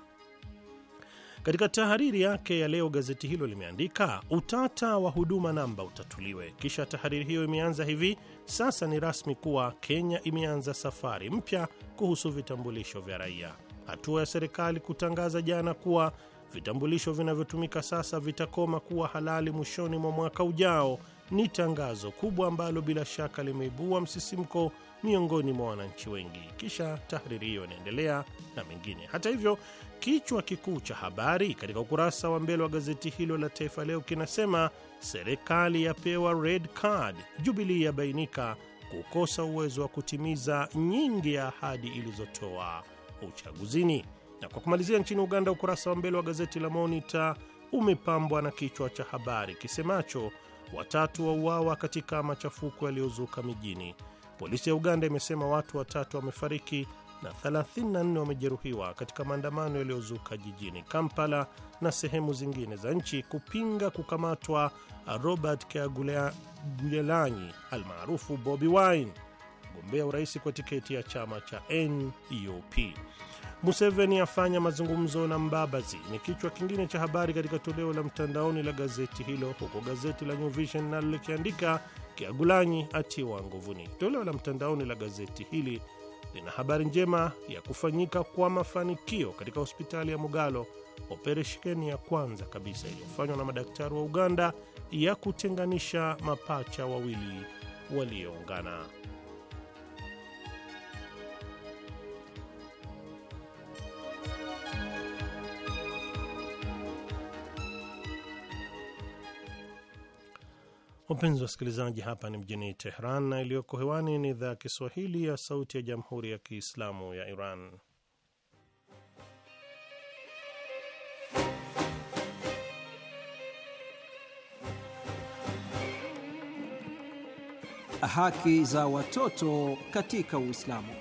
Katika tahariri yake ya leo, gazeti hilo limeandika utata wa huduma namba utatuliwe. Kisha tahariri hiyo imeanza hivi: sasa ni rasmi kuwa Kenya imeanza safari mpya kuhusu vitambulisho vya raia hatua ya serikali kutangaza jana kuwa vitambulisho vinavyotumika sasa vitakoma kuwa halali mwishoni mwa mwaka ujao ni tangazo kubwa ambalo bila shaka limeibua msisimko miongoni mwa wananchi wengi. Kisha tahariri hiyo inaendelea na mengine. Hata hivyo, kichwa kikuu cha habari katika ukurasa wa mbele wa gazeti hilo la Taifa Leo kinasema serikali yapewa red card, Jubilii yabainika kukosa uwezo wa kutimiza nyingi ya ahadi ilizotoa uchaguzini. Na kwa kumalizia, nchini Uganda, ukurasa wa mbele wa gazeti la Monita umepambwa na kichwa cha habari kisemacho watatu wauawa katika machafuko yaliyozuka mijini. Polisi ya Uganda imesema watu watatu wamefariki na 34 wamejeruhiwa katika maandamano yaliyozuka jijini Kampala na sehemu zingine za nchi kupinga kukamatwa Robert Kyagulanyi almaarufu Bobi Wine mgombea urais kwa tiketi ya chama cha NUP. E Museveni afanya mazungumzo na Mbabazi ni kichwa kingine cha habari katika toleo la mtandaoni la gazeti hilo, huku gazeti la New Vision nalo likiandika Kiagulanyi atiwa nguvuni. Toleo la mtandaoni la gazeti hili lina habari njema ya kufanyika kwa mafanikio katika hospitali ya Mugalo, operesheni ya kwanza kabisa iliyofanywa na madaktari wa Uganda ya kutenganisha mapacha wawili walioungana. Wapenzi wasikilizaji, hapa ni mjini Tehran na iliyoko hewani ni idhaa ya Kiswahili ya Sauti ya Jamhuri ya Kiislamu ya Iran. Haki za watoto katika Uislamu.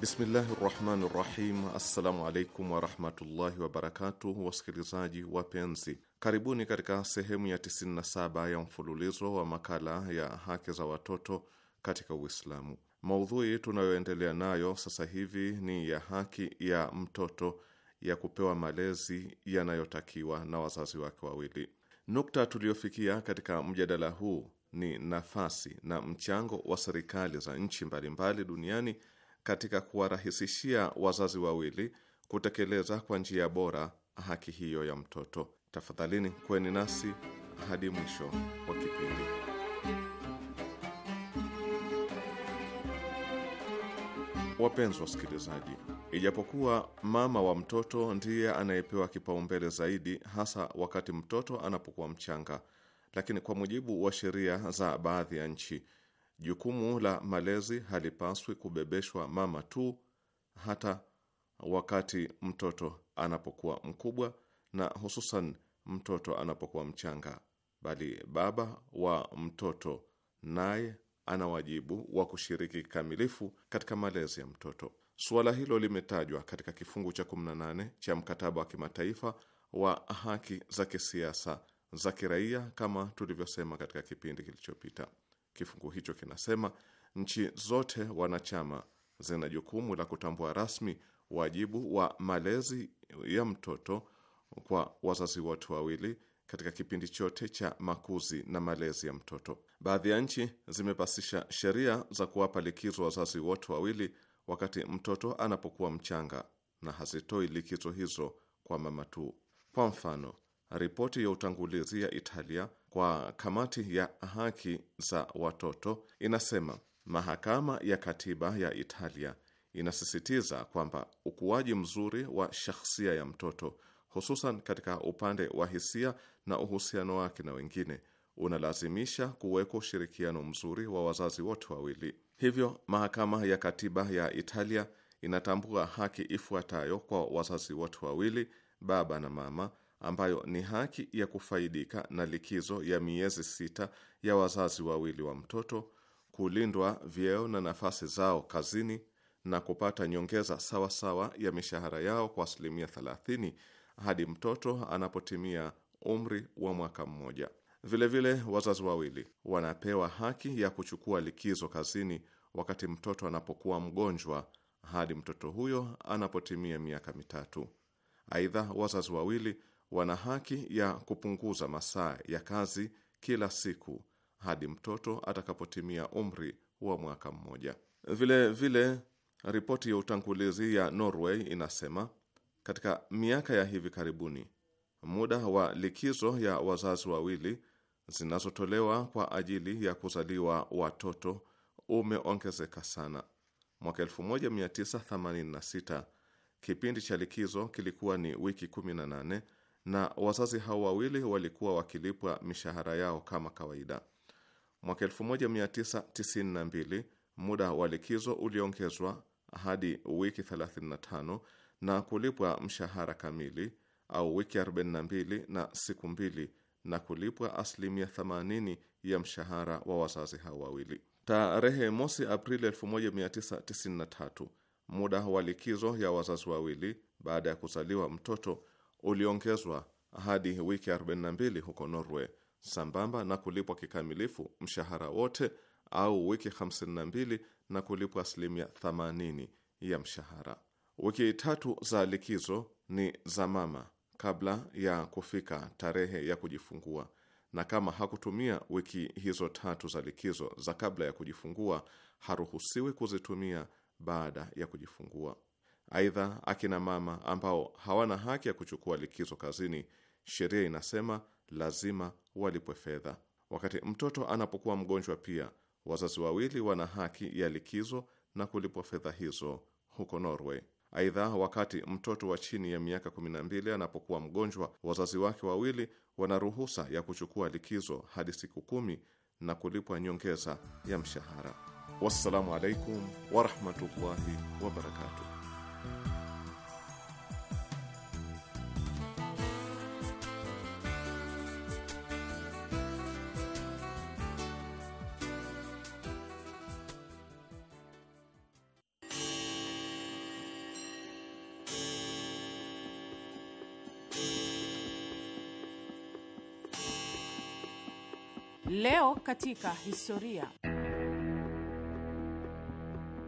Bismillahi rahmani rahim. Assalamu alaikum warahmatullahi wabarakatu Wasikilizaji wapenzi, karibuni katika sehemu ya 97 ya mfululizo wa makala ya haki za watoto katika Uislamu. Maudhui tunayoendelea nayo sasa hivi ni ya haki ya mtoto ya kupewa malezi yanayotakiwa na wazazi wake wawili. Nukta tuliyofikia katika mjadala huu ni nafasi na mchango wa serikali za nchi mbalimbali duniani katika kuwarahisishia wazazi wawili kutekeleza kwa njia bora haki hiyo ya mtoto. Tafadhalini kweni nasi hadi mwisho wa kipindi. Wapenzi wasikilizaji, ijapokuwa mama wa mtoto ndiye anayepewa kipaumbele zaidi, hasa wakati mtoto anapokuwa mchanga, lakini kwa mujibu wa sheria za baadhi ya nchi, Jukumu la malezi halipaswi kubebeshwa mama tu, hata wakati mtoto anapokuwa mkubwa na hususan mtoto anapokuwa mchanga, bali baba wa mtoto naye ana wajibu wa kushiriki kikamilifu katika malezi ya mtoto. Suala hilo limetajwa katika kifungu cha 18 cha mkataba wa kimataifa wa haki za kisiasa za kiraia, kama tulivyosema katika kipindi kilichopita. Kifungu hicho kinasema nchi zote wanachama zina jukumu la kutambua rasmi wajibu wa malezi ya mtoto kwa wazazi wote wawili katika kipindi chote cha makuzi na malezi ya mtoto. Baadhi ya nchi zimepasisha sheria za kuwapa likizo wazazi wote wawili wakati mtoto anapokuwa mchanga na hazitoi likizo hizo kwa mama tu. Kwa mfano, Ripoti ya utangulizi ya Italia kwa kamati ya haki za watoto inasema mahakama ya katiba ya Italia inasisitiza kwamba ukuaji mzuri wa shahsia ya mtoto, hususan katika upande wa hisia na uhusiano wake na wengine, unalazimisha kuwekwa ushirikiano mzuri wa wazazi wote wawili. Hivyo, mahakama ya katiba ya Italia inatambua haki ifuatayo kwa wazazi wote wawili, baba na mama ambayo ni haki ya kufaidika na likizo ya miezi sita ya wazazi wawili wa mtoto, kulindwa vyeo na nafasi zao kazini na kupata nyongeza sawa sawa ya mishahara yao kwa asilimia 30 hadi mtoto anapotimia umri wa mwaka mmoja. Vilevile vile, wazazi wawili wanapewa haki ya kuchukua likizo kazini wakati mtoto anapokuwa mgonjwa hadi mtoto huyo anapotimia miaka mitatu. Aidha, wazazi wawili wana haki ya kupunguza masaa ya kazi kila siku hadi mtoto atakapotimia umri wa mwaka mmoja. Vile vile ripoti ya utangulizi ya Norway inasema katika miaka ya hivi karibuni muda wa likizo ya wazazi wawili zinazotolewa kwa ajili ya kuzaliwa watoto umeongezeka sana. Mwaka 1986 kipindi cha likizo kilikuwa ni wiki 18 na wazazi hao wawili walikuwa wakilipwa mishahara yao kama kawaida. Mwaka 1992 muda wa likizo uliongezwa hadi wiki 35 na kulipwa mshahara kamili au wiki 42 na siku mbili na kulipwa asilimia 80 ya mshahara wa wazazi hao wawili. Tarehe mosi Aprili 1993 muda wa likizo ya wazazi wawili baada ya kuzaliwa mtoto uliongezwa hadi wiki 42 huko Norway, sambamba na kulipwa kikamilifu mshahara wote au wiki 52 na kulipwa asilimia 80 ya mshahara. Wiki tatu za likizo ni za mama kabla ya kufika tarehe ya kujifungua, na kama hakutumia wiki hizo tatu za likizo za kabla ya kujifungua, haruhusiwi kuzitumia baada ya kujifungua. Aidha, akina mama ambao hawana haki ya kuchukua likizo kazini, sheria inasema lazima walipwe fedha. Wakati mtoto anapokuwa mgonjwa, pia wazazi wawili wana haki ya likizo na kulipwa fedha hizo huko Norway. Aidha, wakati mtoto wa chini ya miaka 12 anapokuwa mgonjwa, wazazi wake wawili wana ruhusa ya kuchukua likizo hadi siku kumi na kulipwa nyongeza ya mshahara. Wassalamu alaikum warahmatullahi wabarakatuh. katika historia.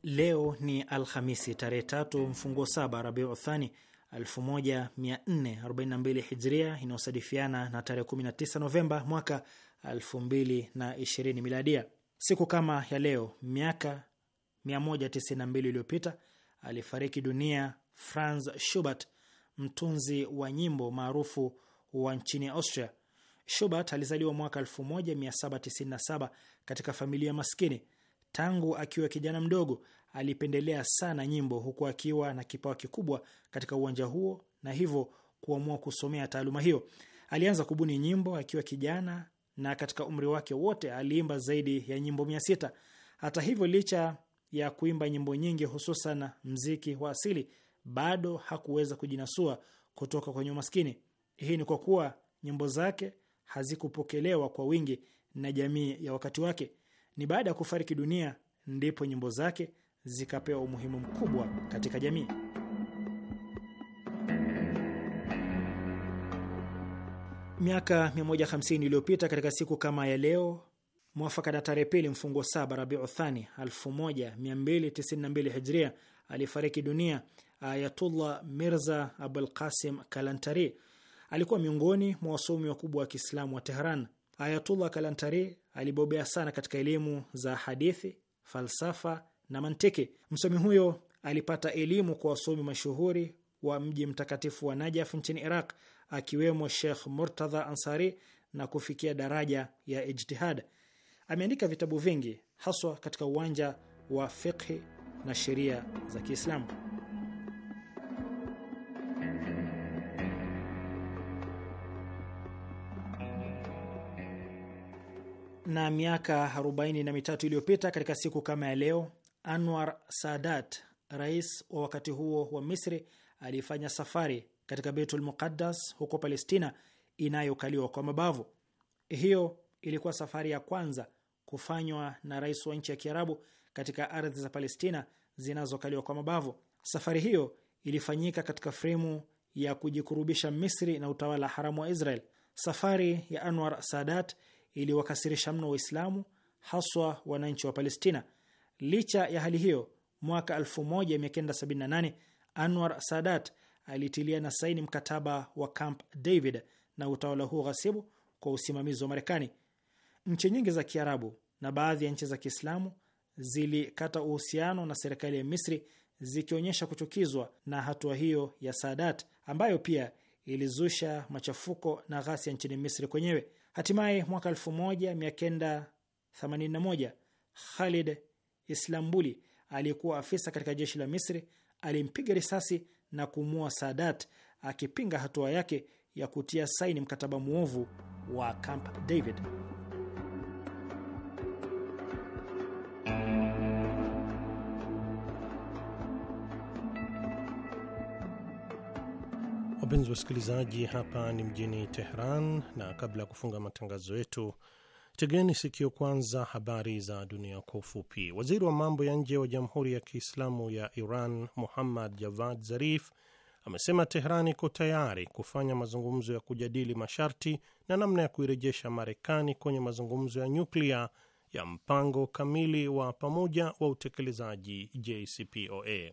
Leo ni Alhamisi tarehe tatu mfungo saba Rabiu Thani 1442 Hijria, inayosadifiana na tarehe 19 Novemba mwaka 2020 Miladia. Siku kama ya leo miaka 192 iliyopita alifariki dunia Franz Schubert, mtunzi wa nyimbo maarufu wa nchini Austria. Shubat alizaliwa mwaka 1797 katika familia maskini. Tangu akiwa kijana mdogo alipendelea sana nyimbo, huku akiwa na kipawa kikubwa katika uwanja huo na hivyo kuamua kusomea taaluma hiyo. Alianza kubuni nyimbo akiwa kijana na katika umri wake wote aliimba zaidi ya nyimbo mia sita. Hata hivyo, licha ya kuimba nyimbo nyingi, hususan mziki wa asili, bado hakuweza kujinasua kutoka kwenye umaskini. Hii ni kwa kuwa nyimbo zake hazikupokelewa kwa wingi na jamii ya wakati wake. Ni baada ya kufariki dunia ndipo nyimbo zake zikapewa umuhimu mkubwa katika jamii. Miaka 150 iliyopita katika siku kama ya leo, mwafaka na tarehe pili mfungo saba Rabiu Thani 1292 Hijria, alifariki dunia Ayatullah Mirza Abul Qasim Kalantari, alikuwa miongoni mwa wasomi wakubwa wa Kiislamu wa Tehran. Ayatullah Kalantari alibobea sana katika elimu za hadithi, falsafa na mantiki. Msomi huyo alipata elimu kwa wasomi mashuhuri wa mji mtakatifu wa Najaf nchini Iraq, akiwemo Shekh Murtadha Ansari na kufikia daraja ya ijtihad. Ameandika vitabu vingi haswa katika uwanja wa fiqhi na sheria za Kiislamu. na miaka 43 iliyopita katika siku kama ya leo, Anwar Sadat, rais wa wakati huo wa Misri, alifanya safari katika Beitul Muqaddas huko Palestina inayokaliwa kwa mabavu. Hiyo ilikuwa safari ya kwanza kufanywa na rais wa nchi ya Kiarabu katika ardhi za Palestina zinazokaliwa kwa mabavu. Safari hiyo ilifanyika katika fremu ya kujikurubisha Misri na utawala haramu wa Israel. Safari ya Anwar Sadat iliwakasirisha mno Waislamu, haswa wananchi wa Palestina. Licha ya hali hiyo, mwaka 1978 Anwar Sadat alitilia na saini mkataba wa Camp David na utawala huo ghasibu kwa usimamizi wa Marekani. Nchi nyingi za Kiarabu na baadhi ya nchi za Kiislamu zilikata uhusiano na serikali ya Misri zikionyesha kuchukizwa na hatua hiyo ya Sadat ambayo pia ilizusha machafuko na ghasia nchini Misri kwenyewe. Hatimaye mwaka 1981 Khalid Islambuli aliyekuwa afisa katika jeshi la Misri alimpiga risasi na kumua Sadat akipinga hatua yake ya kutia saini mkataba mwovu wa Camp David. Wapenzi wasikilizaji, hapa ni mjini Teheran, na kabla ya kufunga matangazo yetu, tegeni sikio kwanza habari za dunia kwa ufupi. Waziri wa mambo ya nje wa Jamhuri ya Kiislamu ya Iran Muhammad Javad Zarif amesema Tehran iko tayari kufanya mazungumzo ya kujadili masharti na namna ya kuirejesha Marekani kwenye mazungumzo ya nyuklia ya mpango kamili wa pamoja wa utekelezaji JCPOA.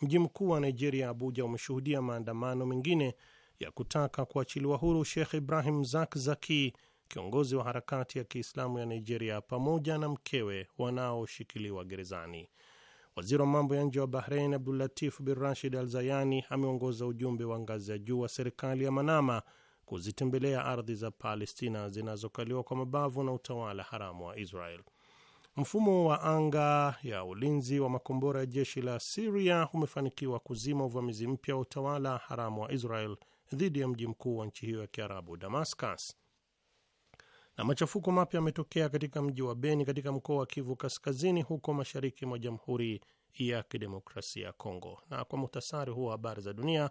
Mji mkuu wa Nigeria, Abuja, umeshuhudia maandamano mengine ya kutaka kuachiliwa huru Sheikh Ibrahim Zakzaki, kiongozi wa harakati ya Kiislamu ya Nigeria, pamoja na mkewe wanaoshikiliwa gerezani. Waziri wa mambo ya nje wa Bahrein Abdulatif bin Rashid Al Zayani ameongoza ujumbe wa ngazi ya juu wa serikali ya Manama kuzitembelea ardhi za Palestina zinazokaliwa kwa mabavu na utawala haramu wa Israel. Mfumo wa anga ya ulinzi wa makombora ya jeshi la Siria umefanikiwa kuzima uvamizi mpya wa utawala haramu wa Israel dhidi ya mji mkuu wa nchi hiyo ya Kiarabu, Damascus. Na machafuko mapya yametokea katika mji wa Beni katika mkoa wa Kivu Kaskazini, huko mashariki mwa Jamhuri ya Kidemokrasia ya Kongo. Na kwa muhtasari huo habari za dunia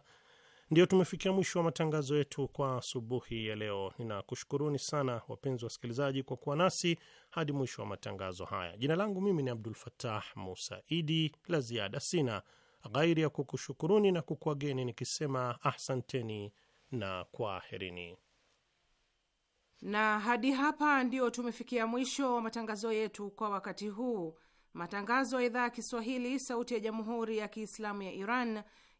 ndio tumefikia mwisho wa matangazo yetu kwa asubuhi ya leo. Ninakushukuruni sana wapenzi wa wasikilizaji kwa kuwa nasi hadi mwisho wa matangazo haya. Jina langu mimi ni Abdul fatah Musa Idi. La ziada sina ghairi ya kukushukuruni na kukuageni nikisema ahsanteni na kwaherini. Na hadi hapa ndio tumefikia mwisho wa matangazo yetu kwa wakati huu. Matangazo ya idhaa ya Kiswahili, sauti ya jamhuri ya kiislamu ya Iran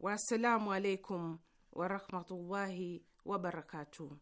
Wassalamu alaikum warahmatullahi wabarakatu.